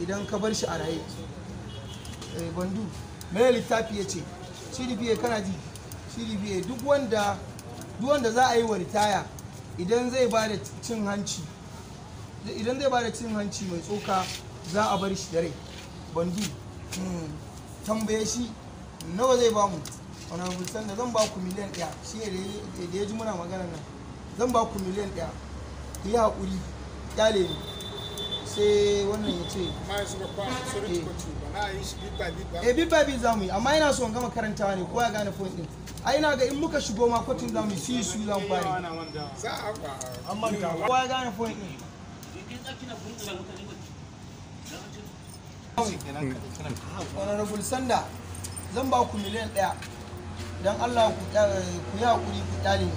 idan ka bar shi a raye eh, bandu mai littafi ya ce cdba kana ji cdba duk wanda duk wanda za a yi wa ritaya idan zai ba da cin hanci idan zai ba da cin hanci mai tsoka za a bar shi da rai bandu hmm, tambaye shi nawa zai ba mu wani bulsan da zan ba ku miliyan ɗaya shi ne da ya ji muna magana nan zan ba ku miliyan ɗaya ku yi haƙuri ƙyale ne sai wannan ya ce e bit by bit eh, za mu yi amma yana son gama karantawa ne ko ya gane point din ai na ga in muka shigo ma kwatin za mu yi su za mu bari kowa ya gane point din honorable sanda zan ba ku miliyan daya don allah ku eh, yi hakuri ku ɗalin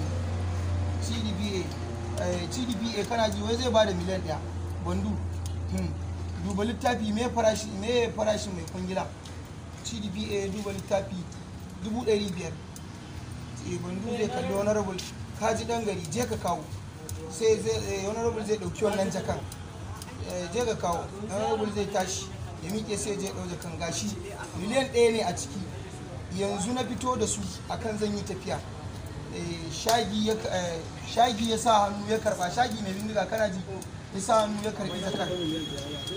cdba eh, cdba kana ji wai zai ba da miliyan daya bandu duba littafi mai farashi mai farashi mai kungila. cdpa duba littafi dubu ɗari biyar eh, bandu zai kalli honorable ka ji ɗan gari je ka kawo sai eh, honorable zai ɗauki wannan jakan eh, je ka kawo honorable zai tashi da miƙe sai je ɗau jakan gashi miliyan ɗaya ne a ciki yanzu na fito da su akan zan yi tafiya Eh, eh, shagi ya sa hannu ya karba shagi mai bindiga kana ji ya sa hannu ya karbi kan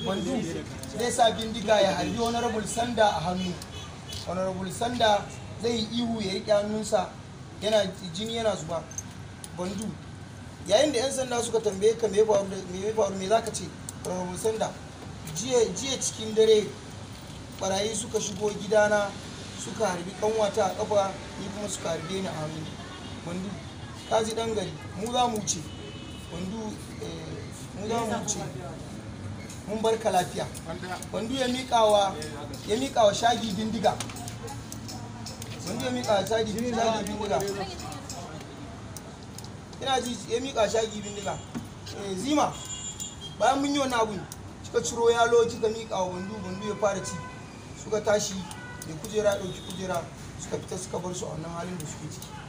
wanzu zai sa bindiga ya harbi honorable sanda a hannu honorable sanda zai yi ihu ya riƙe hannunsa yana jini yana zuba bandu yayin da 'yan sanda suka tambaye ka mai faru mai zaka ce honorable sanda jiya cikin dare barayi suka shigo gidana suka harbi kanwata a kafa ni kuma suka harbe ni a hannu wandu kaji dan gari mu za mu ce wandu eh, mu za mu ce mun bar ka lafiya wandu ya miƙawa ya miƙawa shagi bindiga wandu ya miƙawa shagi bindiga ina ji ya miƙa shagi bindiga eh, zima bayan mun yi wani abu kika ciro yalo kika miƙa wa wandu wandu ya fara ci suka tashi da kujera ɗauki kujera suka fita suka bar su a wannan halin da suke ciki